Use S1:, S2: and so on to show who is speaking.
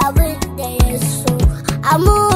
S1: abin da ya so